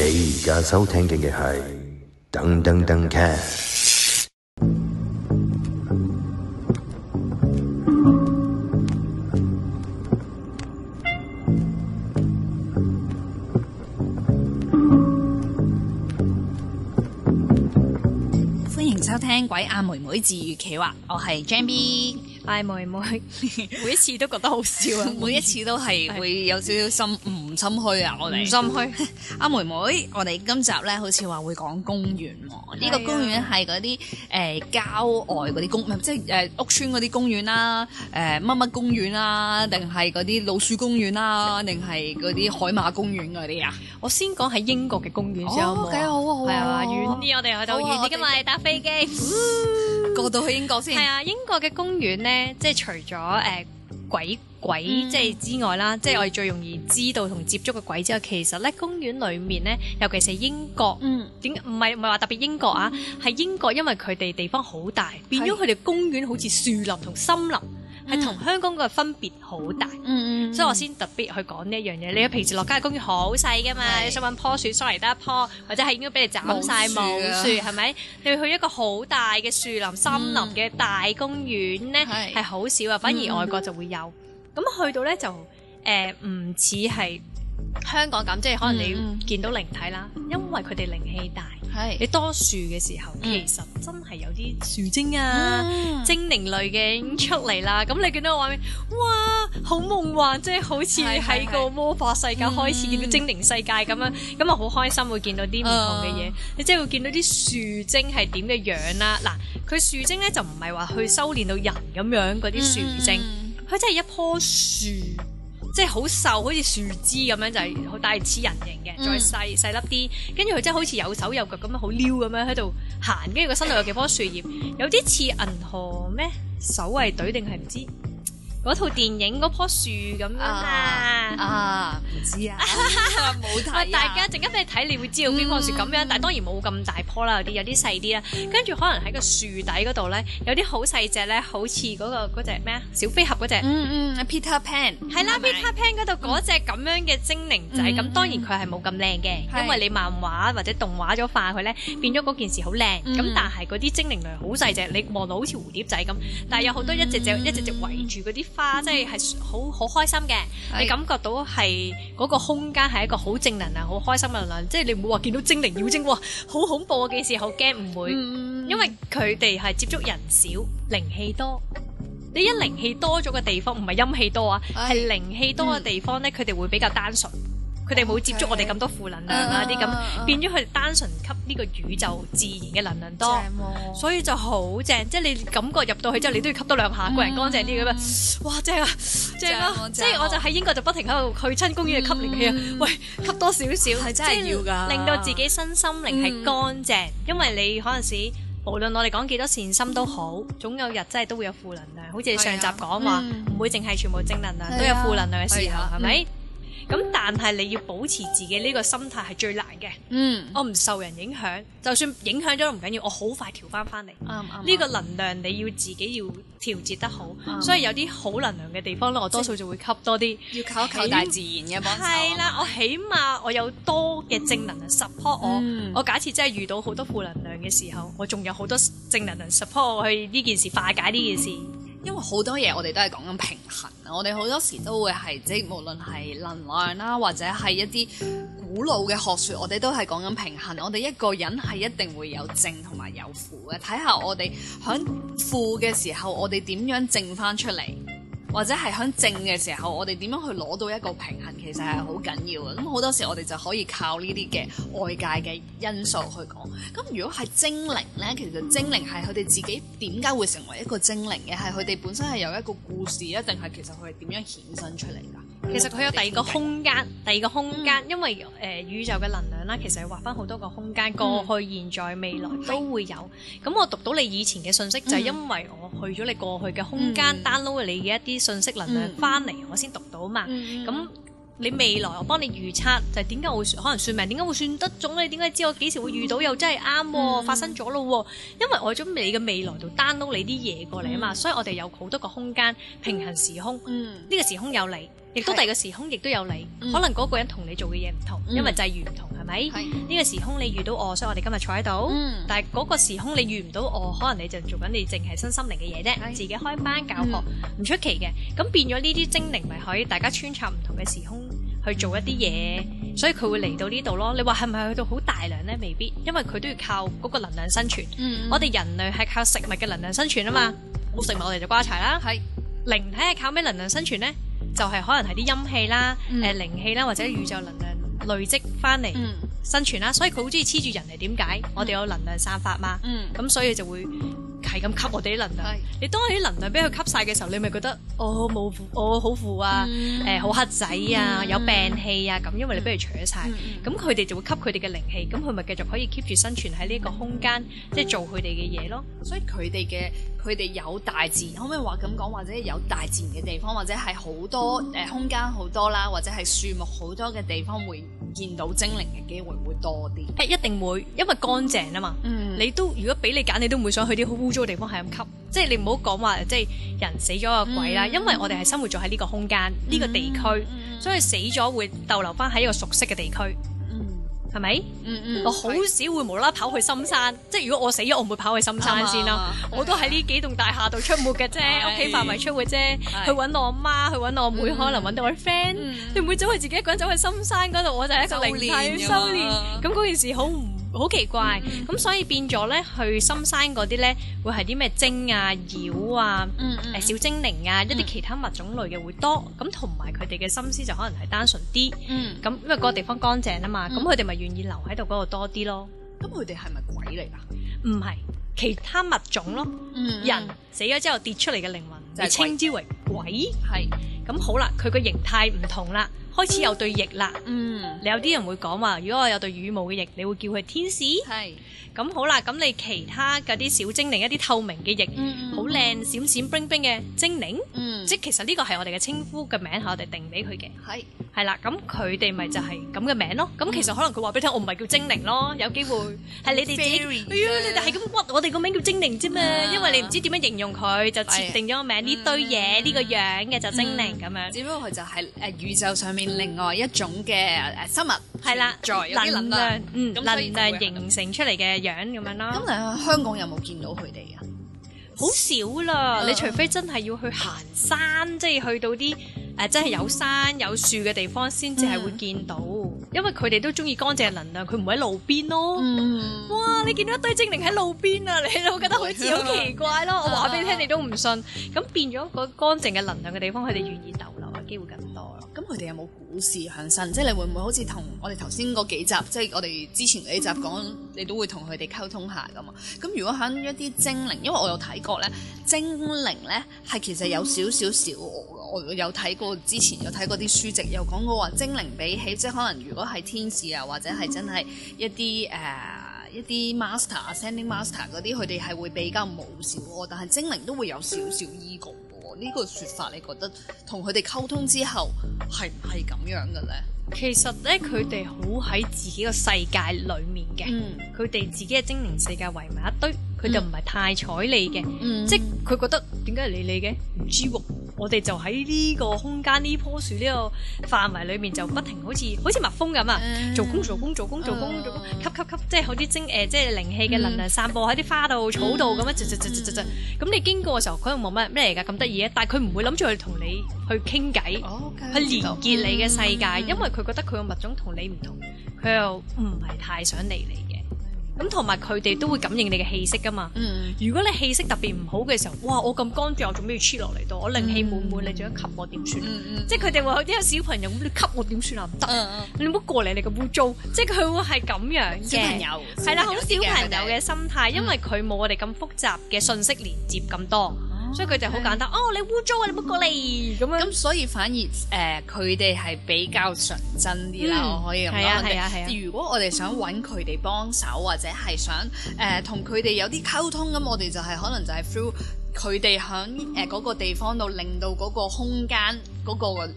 你而家收聽嘅係燈登登 cast，歡迎收聽《鬼阿妹妹自愈企劃》，我係 Jen B。阿妹妹，每一次都覺得好笑啊！每一次都係會有少少心唔心虛啊！我哋唔心虛阿妹妹，我哋今集咧好似話會講公園喎，呢個公園係嗰啲誒郊外嗰啲公，唔即係誒屋村嗰啲公園啦，誒乜乜公園啦，定係嗰啲老鼠公園啦，定係嗰啲海馬公園嗰啲啊？我先講喺英國嘅公園先好冇？係啊，遠啲我哋去到，而家咪搭飛機。過到去英國先，係啊！英國嘅公園咧，即係除咗誒、呃、鬼鬼即係之外啦，嗯、即係我哋最容易知道同接觸嘅鬼之外，其實咧公園裏面咧，尤其是英國，嗯，點唔係唔係話特別英國啊？係、嗯、英國，因為佢哋地方好大，變咗佢哋公園好似樹林同森林。係同香港嘅分別好大，嗯嗯、所以我先特別去講呢一樣嘢。嗯、你平時落街嘅公園好細㗎嘛，你是想揾棵樹，sorry 得一棵，或者係應該俾你斬晒冇樹、啊，係咪？你去一個好大嘅樹林、嗯、森林嘅大公園咧，係好少啊。反而外國就會有，咁、嗯、去到咧就誒唔似係。呃香港咁，即係可能你見到靈體啦，mm hmm. 因為佢哋靈氣大，mm hmm. 你多樹嘅時候，mm hmm. 其實真係有啲樹精啊、mm hmm. 精靈類嘅出嚟啦。咁、mm hmm. 你見到畫面，哇，好夢幻，即係好似喺個魔法世界開始見到精靈世界咁樣，咁啊好開心會見到啲唔同嘅嘢。Mm hmm. 你即係會見到啲樹精係點嘅樣啦、啊。嗱，佢樹精咧就唔係話去修煉到人咁樣嗰啲樹精，佢真係一棵樹。即係好瘦，好似樹枝咁樣，就係好大似人形嘅，再細細粒啲，跟住佢真係好似有手有腳咁樣，好溜咁樣喺度行，跟住個身度有幾樖樹葉，有啲似銀河咩守衛隊定係唔知？嗰套電影嗰棵樹咁樣啊。啊唔知啊，冇睇，喂，大家陣間俾你睇，你會知道邊棵樹咁樣。但當然冇咁大棵啦，有啲有啲細啲啦。跟住可能喺個樹底嗰度咧，有啲好細隻咧，好似嗰個嗰隻咩小飛俠嗰隻，嗯，Peter Pan。係啦，Peter Pan 嗰度嗰隻咁樣嘅精靈仔，咁當然佢係冇咁靚嘅，因為你漫畫或者動畫咗化佢咧，變咗嗰件事好靚。咁但係嗰啲精靈類好細隻，你望到好似蝴蝶仔咁。但係有好多一隻隻一隻隻圍住嗰啲。花即係係好好開心嘅，你感覺到係嗰個空間係一個好正能量、好開心嘅能量。即係你唔會話見到精靈妖精喎，好恐怖嘅事，好驚唔會。嗯、因為佢哋係接觸人少，靈氣多。你一靈氣多咗嘅地方，唔係陰氣多啊，係唉靈氣多嘅地方咧，佢哋、嗯、會比較單純。佢哋冇接觸我哋咁多負能量啊啲咁，變咗佢哋單純吸呢個宇宙自然嘅能量多，所以就好正。即係你感覺入到去之後，你都要吸多兩下，個人乾淨啲咁啊！哇，正啊，正啊！即係我就喺英國就不停喺度去親公園去吸地氣啊！喂，吸多少少係真係要㗎，令到自己身心靈係乾淨。因為你可能時無論我哋講幾多善心都好，總有日真係都會有負能量。好似你上集講話，唔會淨係全部正能量，都有負能量嘅時候係咪？咁但係你要保持自己呢個心態係最難嘅。嗯，我唔受人影響，就算影響咗唔緊要，我好快調翻翻嚟。呢、嗯嗯、個能量你要自己要調節得好，嗯、所以有啲好能量嘅地方咧，嗯、我多數就會吸多啲。要靠一靠大自然嘅幫手。係起啦，我起碼我有多嘅正能量 support 我。嗯、我假設真係遇到好多負能量嘅時候，我仲有好多正能量 support 我去呢件事化解呢件事。因為好多嘢我哋都係講緊平衡，我哋好多時都會係即係無論係能量啦，或者係一啲古老嘅學說，我哋都係講緊平衡。我哋一個人係一定會有正同埋有負嘅，睇下我哋喺負嘅時候，我哋點樣正返出嚟。或者係響正嘅時候，我哋點樣去攞到一個平衡，其實係好緊要嘅。咁好多時我哋就可以靠呢啲嘅外界嘅因素去講。咁如果係精靈呢，其實精靈係佢哋自己點解會成為一個精靈嘅？係佢哋本身係有一個故事啊，定係其實佢係點樣衍生出嚟㗎？其實佢有第二個空間，第二個空間，因為誒宇宙嘅能量啦，其實劃翻好多個空間，過去、現在、未來都會有。咁我讀到你以前嘅信息，就係因為我去咗你過去嘅空間，download 你嘅一啲信息能量翻嚟，我先讀到嘛。咁你未來我幫你預測，就係點解會可能算命，點解會算得中？你點解知我幾時會遇到又真係啱發生咗咯？因為我喺咗你嘅未來就 download 你啲嘢過嚟啊嘛，所以我哋有好多個空間平行時空。呢個時空有你。亦都第二個時空亦都有你，可能嗰個人同你做嘅嘢唔同，因為際遇唔同，係咪？呢個時空你遇到我，所以我哋今日坐喺度。但係嗰個時空你遇唔到我，可能你就做緊你淨係身心靈嘅嘢啫，自己開班教學唔出奇嘅。咁變咗呢啲精靈咪可以大家穿插唔同嘅時空去做一啲嘢，所以佢會嚟到呢度咯。你話係咪去到好大量呢？未必，因為佢都要靠嗰個能量生存。我哋人類係靠食物嘅能量生存啊嘛，冇食物我哋就瓜柴啦。係，靈體係靠咩能量生存呢？就係可能係啲陰氣啦、誒、嗯呃、靈氣啦，或者宇宙能量累積翻嚟生存啦，嗯、所以佢好中意黐住人，嚟點解？嗯、我哋有能量散發嘛？咁、嗯、所以就會。係咁吸我哋啲能量，是你當你啲能量俾佢吸晒嘅時候，你咪覺得哦冇，我、哦、好腐啊，誒、嗯呃、好黑仔啊，有病氣啊咁，因為你俾佢除晒，咁佢哋就會吸佢哋嘅靈氣，咁佢咪繼續可以 keep 住生存喺呢個空間，即、就、係、是、做佢哋嘅嘢咯。嗯、所以佢哋嘅佢哋有大自然，可唔可以話咁講，或者有大自然嘅地方，或者係好多誒、呃、空間好多啦，或者係樹木好多嘅地方會。見到精靈嘅機會會多啲，一、欸、一定會，因為乾淨啊嘛、嗯你你。你都如果俾你揀，你都唔會想去啲好污糟嘅地方，係咁吸。即係你唔好講話，即係人死咗個鬼啦，嗯、因為我哋係生活咗喺呢個空間呢、嗯、個地區，嗯、所以死咗會逗留返喺一個熟悉嘅地區。係咪、嗯？嗯嗯，我好少會無啦啦跑去深山。嗯、即係如果我死咗，我唔會跑去深山先啦。嗯嗯、我都喺呢幾棟大廈度出沒嘅啫，屋企範圍出沒啫的。去搵我阿媽，去搵我阿妹，可能搵到我 friend、嗯。你、嗯、唔會走去自己一個人走去深山嗰度，我就係一個靈體修煉。咁嗰件事好。唔。 好奇怪，咁所以變咗咧，去深山嗰啲咧，會係啲咩精啊、妖啊、誒小精靈啊，一啲其他物種類嘅會多，咁同埋佢哋嘅心思就可能係單純啲。咁因為嗰個地方乾淨啊嘛，咁佢哋咪願意留喺度嗰度多啲咯。咁佢哋係咪鬼嚟噶？唔係，其他物種咯，人死咗之後跌出嚟嘅靈魂，就稱之為鬼。係，咁好啦，佢個形態唔同啦。開始有對翼啦，嗯，你有啲人會講話，如果我有對羽毛嘅翼，你會叫佢天使，係，咁好啦，咁你其他嗰啲小精靈一啲透明嘅翼，好靚閃閃冰冰嘅精靈，嗯，即係其實呢個係我哋嘅稱呼嘅名，係我哋定俾佢嘅，係，係啦，咁佢哋咪就係咁嘅名咯，咁其實可能佢話俾你聽，我唔係叫精靈咯，有機會係你哋自己，哎呀，你哋係咁屈，我哋個名叫精靈啫嘛，因為你唔知點樣形容佢，就設定咗個名，呢堆嘢呢個樣嘅就精靈咁樣，只不過佢就係誒宇宙上面。另外一種嘅誒生物係啦，在能量，嗯，能量形成出嚟嘅樣咁樣咯。咁嚟香港有冇見到佢哋啊？好少啦，你除非真係要去行山，即係去到啲誒，真係有山有樹嘅地方，先至係會見到。因為佢哋都中意乾淨嘅能量，佢唔喺路邊咯。嗯，哇！你見到一堆精靈喺路邊啊？你會覺得好似好奇怪咯。我話俾你聽，你都唔信。咁變咗個乾淨嘅能量嘅地方，佢哋願意逗留。機會更多咯，咁佢哋有冇故事向身？即係你會唔會好似同我哋頭先嗰幾集，即係我哋之前嗰幾集講，你都會同佢哋溝通下㗎嘛？咁如果喺一啲精靈，因為我有睇過咧，精靈咧係其實有少少小我，我有睇過，之前有睇過啲書籍又，有講過話精靈比起即係可能如果係天使啊，或者係真係一啲誒、uh, 一啲 master ascending master 嗰啲，佢哋係會比較冇小我。但係精靈都會有少少依個。呢個說法你覺得同佢哋溝通之後係唔係咁樣嘅咧？其實咧，佢哋好喺自己個世界裏面嘅，佢哋、嗯、自己嘅精靈世界圍埋一堆，佢、嗯、就唔係太睬你嘅，嗯、即係佢覺得點解係理你嘅？唔知喎。我哋就喺呢個空間、呢棵 樹呢、呢個範圍裏面，就不停好似好似蜜蜂咁啊，做工做工做工做工做吸吸吸，即係好啲精誒，即係靈氣嘅能量散播喺啲花度、 草度咁樣，就就就就就咁。你經過嘅時候，佢又冇乜咩嚟噶，咁得意啊！但係佢唔會諗住去同你去傾偈，oh, okay, 去連結你嘅世界，嗯嗯、因為佢覺得佢個物種同你唔同，佢又唔係太想理你。咁同埋佢哋都會感應你嘅氣息噶嘛？嗯、如果你氣息特別唔好嘅時候，嗯、哇！我咁乾淨，我做咩要黐落嚟度？我靈氣滿滿，嗯、你仲要吸我、嗯嗯、你吸我點算？即係佢哋會有啲有小朋友你吸我點算啊？唔得！你唔好過嚟，你咁污糟！即係佢會係咁樣嘅，係啦，好小朋友嘅心態，嗯、因為佢冇我哋咁複雜嘅信息連接咁多。所以佢哋好簡單的哦，你污糟啊，你冇過嚟咁、嗯、樣咁，所以反而，誒，佢哋係比較純真啲啦。嗯、我可以咁講的。係啊們，係啊，如果我哋想揾佢哋幫手，或者係想誒同佢哋有啲溝通，咁我哋就係、是、可能就係 through 佢哋響誒個地方度，令到個空間、個誒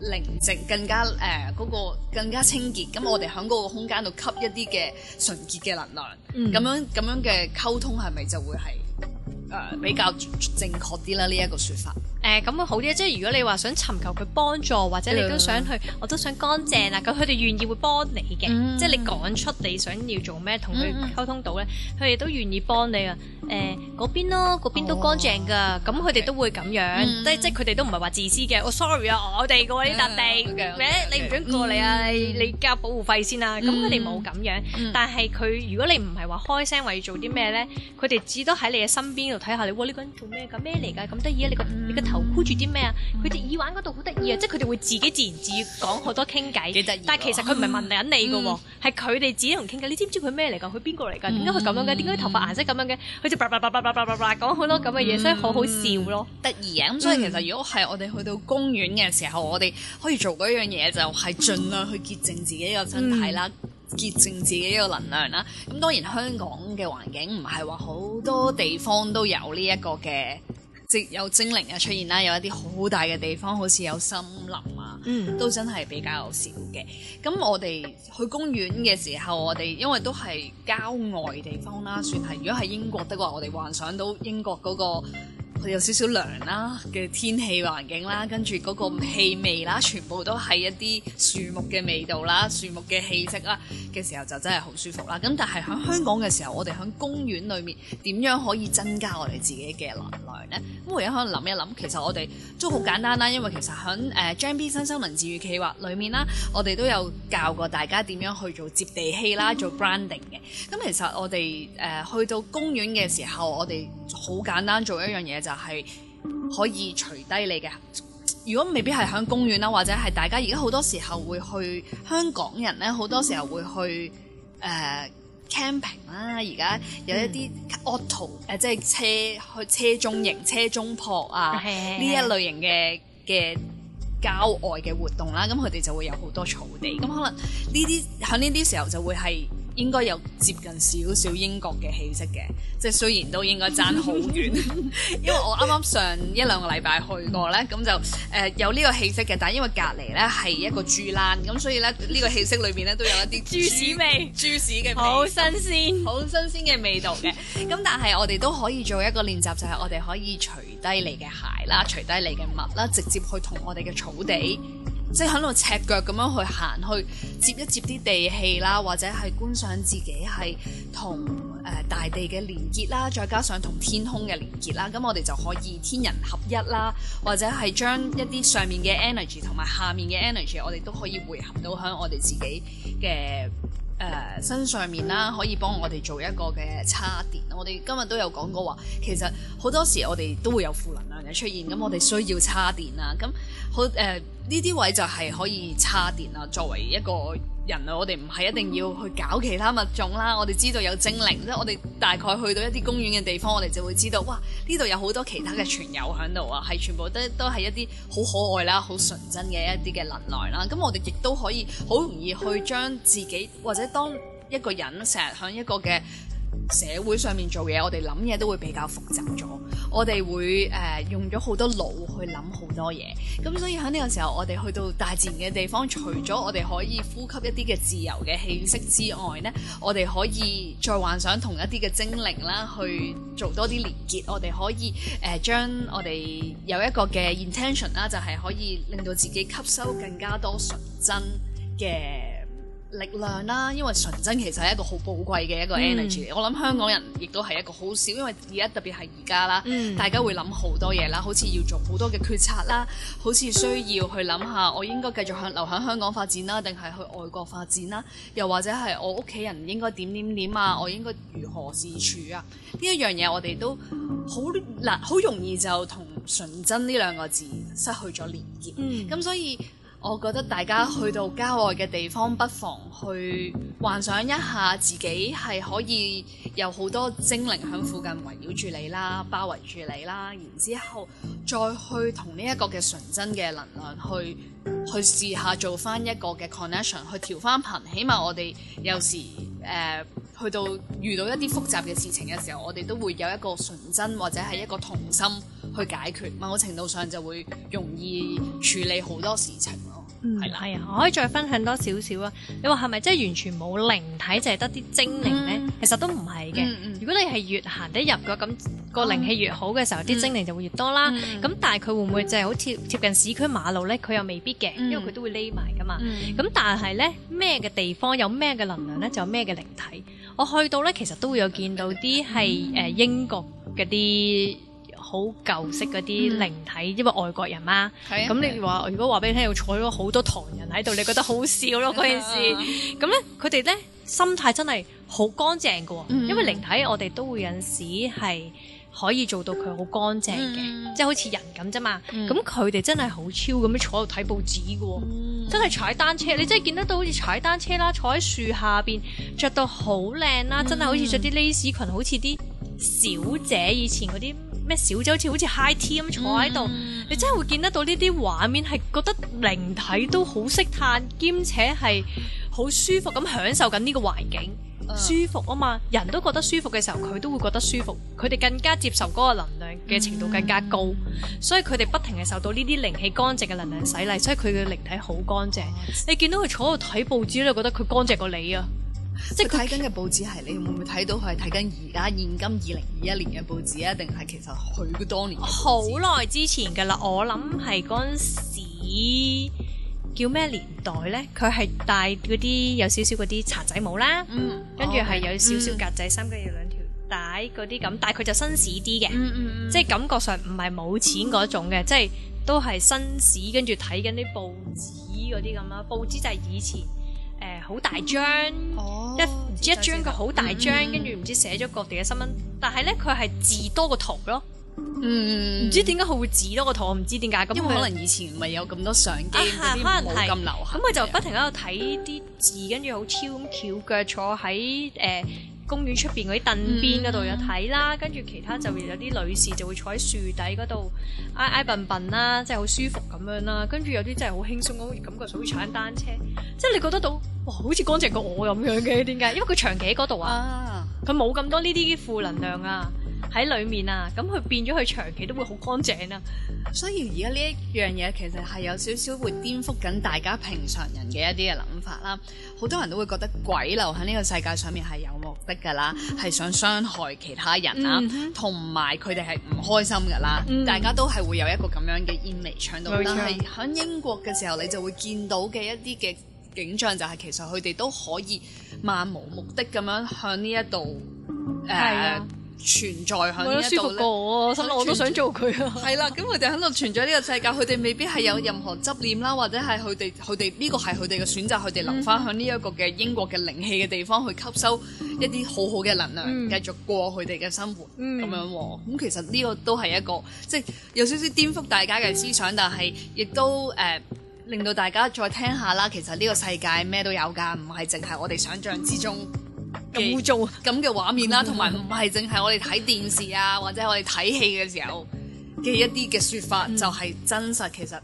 寧靜更加誒、呃個更加清潔，咁我哋響個空間度吸一啲嘅純潔嘅能量，咁、嗯、樣咁樣嘅溝通係咪就會係。誒比較正確啲啦，呢一個說法。誒咁會好啲，即係如果你話想尋求佢幫助，或者你都想去，我都想乾淨啦，咁佢哋願意會幫你嘅。即係你講出你想要做咩，同佢溝通到咧，佢哋都願意幫你啊。誒嗰邊咯，嗰邊都乾淨㗎，咁佢哋都會咁樣。即即係佢哋都唔係話自私嘅。我 sorry 啊，我哋嘅呢笪地咩，你唔準過嚟啊！你交保護費先啦。咁佢哋冇咁樣，但係佢如果你唔係話開聲話要做啲咩咧，佢哋只都喺你嘅身邊睇下你喎，呢個人做咩㗎？咩嚟㗎？咁得意啊！你個你個頭箍住啲咩啊？佢隻耳環嗰度好得意啊！即係佢哋會自己自言自語講好多傾偈，幾得意，但係其實佢唔係問緊你㗎喎，係佢哋自己同傾偈。你知唔知佢咩嚟㗎？佢邊個嚟㗎？點解佢咁樣嘅？點解啲頭髮顏色咁樣嘅？佢就叭叭叭叭叭叭叭講好多咁嘅嘢，所以好好笑咯，得意啊！咁所以其實如果係我哋去到公園嘅時候，我哋可以做嗰樣嘢，就係盡量去潔淨自己個身體啦。潔淨自己一個能量啦，咁當然香港嘅環境唔係話好多地方都有呢一個嘅即有精靈呀出現啦，有一啲好大嘅地方好似有森林啊，嗯、都真係比較少嘅。咁我哋去公園嘅時候，我哋因為都係郊外地方啦，算係。如果係英國的話，我哋幻想到英國嗰、那個。佢有少少涼啦嘅天氣環境啦，跟住個氣味啦，全部都係一啲樹木嘅味道啦，樹木嘅氣息啦嘅時候就真係好舒服啦。咁但係響香港嘅時候，我哋響公園裏面點樣可以增加我哋自己嘅能量咧？咁我而家可能諗一諗，其實我哋都好簡單啦，因為其實響誒 Jen B 新生文字與企劃裏面啦，我哋都有教過大家點樣去做接地氣啦，做 branding 嘅。咁其實我哋誒、呃、去到公園嘅時候，我哋好簡單做一樣嘢就。就係可以除低你嘅，如果未必係喺公園啦，或者係大家而家好多時候會去香港人咧，好多時候會去誒 camping 啦，而家有一啲 auto 誒，即係車去車中營、車中泊啊呢的一類型嘅嘅郊外嘅活動啦，咁佢哋就會有好多草地，咁可能呢啲喺呢啲時候就會係。應該有接近少少英國嘅氣息嘅，即係雖然都應該爭好遠， 因為我啱啱上一兩個禮拜去過呢咁 就誒、呃、有呢個氣息嘅，但因為隔離呢係一個豬欄，咁所以咧呢、呢個氣息裏面呢都有一啲豬屎味、豬屎嘅味，好新鮮、好新鮮嘅味道嘅。咁 但係我哋都可以做一個練習，就係、是、我哋可以除低你嘅鞋啦，除低你嘅襪啦，直接去同我哋嘅草地。即係喺度赤腳咁樣去行，去接一接啲地氣啦，或者係觀想自己係同誒大地嘅連結啦，再加上同天空嘅連結啦。咁我哋就可以天人合一啦，或者係將一啲上面嘅 energy 同埋下面嘅 energy，我哋都可以匯合到喺我哋自己嘅誒、呃、身上面啦，可以幫我哋做一個嘅叉電。我哋今日都有講過話，其實好多時我哋都會有負能量嘅出現，咁我哋需要叉電啦。咁好。誒。呃呢啲位就係可以叉電啦，作為一個人類，我哋唔係一定要去搞其他物種啦。我哋知道有精靈，即係我哋大概去到一啲公園嘅地方，我哋就會知道，哇！呢度有好多其他嘅傳友響度啊，係全部都都係一啲好可愛啦、好純真嘅一啲嘅能耐啦。咁我哋亦都可以好容易去將自己或者當一個人成日響一個嘅社會上面做嘢，我哋諗嘢都會比較複雜咗。我哋會誒、呃、用咗好多腦去諗好多嘢，咁所以喺呢個時候我哋去到大自然嘅地方，除咗我哋可以呼吸一啲嘅自由嘅氣息之外呢，呢我哋可以再幻想同一啲嘅精靈啦，去做多啲連結。我哋可以誒、呃、將我哋有一個嘅 intention 啦，就係可以令到自己吸收更加多純真嘅力量啦，因為純真其實係一個好寶貴嘅一個 energy、嗯、我諗香港人亦都係一個好少，因為而家特別係而家啦，嗯、大家會諗好多嘢啦，好似要做好多嘅決策啦，好似需要去諗下我應該繼續向留喺香港發展啦，定係去外國發展啦？又或者係我屋企人應該點點點啊？我應該如何自處啊？呢一樣嘢我哋都好嗱，好容易就同純真呢兩個字失去咗連結，咁、嗯、所以。我覺得大家去到郊外嘅地方，不妨去幻想一下自己係可以有好多精靈喺附近圍繞住你啦，包圍住你啦，然之後再去同呢一個嘅純真嘅能量去去試下做翻一個嘅 connection，去調翻頻。起碼我哋有時誒、呃、去到遇到一啲複雜嘅事情嘅時候，我哋都會有一個純真或者係一個童心去解決，某程度上就會容易處理好多事情。嗯，係啦、mm，係、hmm. 啊，我可以再分享多少少啊？你話係咪即係完全冇靈體，淨係得啲精靈咧？Mm hmm. 其實都唔係嘅。Mm hmm. 如果你係越行得入嘅、那、話、個，咁、那個靈氣越好嘅時候，啲、mm hmm. 精靈就會越多啦。咁、mm hmm. 但係佢會唔會就係好貼貼近市區馬路咧？佢又未必嘅，因為佢都會匿埋噶嘛。咁、mm hmm. 但係咧，咩嘅地方有咩嘅能量咧，就有咩嘅靈體。我去到咧，其實都會有見到啲係誒英國嗰啲。好舊式嗰啲靈體，因為外國人嘛，咁你話如果話俾你聽，我坐咗好多唐人喺度，你覺得好笑咯嗰件事。咁咧，佢哋咧心態真係好乾淨嘅，因為靈體我哋都會有時係可以做到佢好乾淨嘅，即係好似人咁啫嘛。咁佢哋真係好超咁樣坐喺度睇報紙嘅，真係踩單車，你真係見得到好似踩單車啦，坐喺樹下邊着到好靚啦，真係好似着啲蕾絲裙，好似啲。小姐以前嗰啲咩小姐好似好似 high tea 咁坐喺度，mm hmm. 你真係會見得到呢啲畫面，係覺得靈體都好識嘆兼且係好舒服咁享受緊呢個環境，舒服啊嘛，uh. 人都覺得舒服嘅時候，佢都會覺得舒服，佢哋更加接受嗰個能量嘅程度更加高，mm hmm. 所以佢哋不停係受到呢啲靈氣乾淨嘅能量洗禮，所以佢嘅靈體好乾淨。你見到佢坐喺度睇報紙你，覺得佢乾淨過你啊！即係睇緊嘅報紙係，你會唔會睇到佢係睇緊而家現今二零二一年嘅報紙啊？定係其實佢當年好耐之前嘅啦。我諗係嗰陣時叫咩年代咧？佢係戴嗰啲有少少嗰啲茶仔帽啦，嗯、跟住係有少少格仔衫，跟住兩條帶嗰啲咁。但係佢就紳士啲嘅，嗯嗯、即係感覺上唔係冇錢嗰種嘅，嗯、即係都係紳士。跟住睇緊啲報紙嗰啲咁啦，報紙就係以前。誒，好大張，一一張佢好大張，跟住唔知、嗯、寫咗各地嘅新聞，但係咧佢係字多過圖咯，唔、嗯、知點解佢會字多過圖，我唔知點解，咁為可能以前唔係有咁多相機、啊、那些 可能冇咁流行，咁佢就不停喺度睇啲字，跟住好超咁翹腳坐喺誒。呃公園出邊嗰啲凳邊嗰度有睇啦，跟住、mm hmm. 其他就會有啲女士就會坐喺樹底嗰度挨挨笨笨啦，即係好舒服咁樣啦。跟住有啲真係好輕鬆，我感覺上會踩單車，mm hmm. 即係你覺得到哇，好似乾淨過我咁樣嘅，點解？因為佢長期喺嗰度啊，佢冇咁多呢啲負能量啊。喺裡面啊，咁佢變咗，佢長期都會好乾淨啊。所以而家呢一樣嘢其實係有少少會顛覆緊大家平常人嘅一啲嘅諗法啦。好多人都會覺得鬼留喺呢個世界上面係有目的㗎啦，係、嗯、哼想傷害其他人啊，嗯、哼同埋佢哋係唔開心㗎啦。嗯、大家都係會有一個咁樣嘅煙霧牆到。錯但係喺英國嘅時候，你就會見到嘅一啲嘅景象就係其實佢哋都可以漫無目的咁樣向呢一度誒。存在喺呢一度我都想做佢啊。係啦，咁佢哋喺度存在呢、啊、個世界，佢哋未必係有任何執念啦，或者係佢哋佢哋呢個係佢哋嘅選擇，佢哋留翻喺呢一個嘅英國嘅靈氣嘅地方去吸收一啲好好嘅能量，繼續過佢哋嘅生活咁、嗯、樣喎、啊。咁其實呢個都係一個即係、就是、有少少顛覆大家嘅思想，嗯、但係亦都誒、呃、令到大家再聽下啦。其實呢個世界咩都有㗎，唔係淨係我哋想象之中。嗯咁污糟，咁嘅畫面啦，同埋唔係淨係我哋睇電視啊， 或者我哋睇戲嘅時候嘅一啲嘅説法，就係真實其實。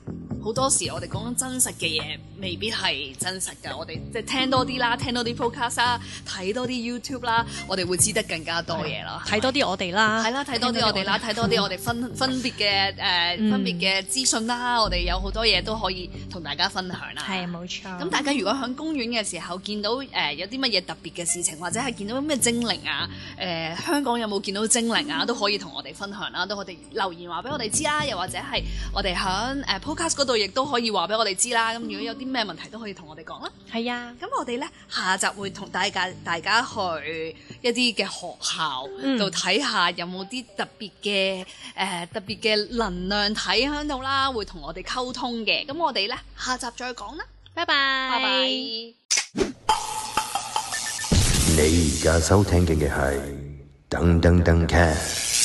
好多時我哋講緊真實嘅嘢，未必係真實㗎。我哋即係聽多啲啦，聽多啲 podcast 啦，睇多啲 YouTube 啦，我哋會知得更加多嘢咯，睇多啲我哋啦，係啦，睇多啲我哋啦，睇多啲我哋 分分別嘅，誒分別嘅資訊啦。我哋有好多嘢都可以同大家分享啦。係冇錯。咁大家如果響公園嘅時候見到誒、呃、有啲乜嘢特別嘅事情，或者係見到咩精靈啊？誒、呃、香港有冇見到精靈啊？都可以同我哋分享啦，都可以留言話俾我哋知啦。又或者係我哋響誒 podcast 度。亦都可以話俾我哋知啦，咁如果有啲咩問題都可以同我哋講啦。係啊，咁我哋咧下集會同大家大家去一啲嘅學校，就睇下有冇啲特別嘅誒特別嘅能量體喺度啦，會同我哋溝通嘅。咁我哋咧下集再講啦，拜拜 bye。Bye bye 你而家收聽嘅係登登登。登登登卡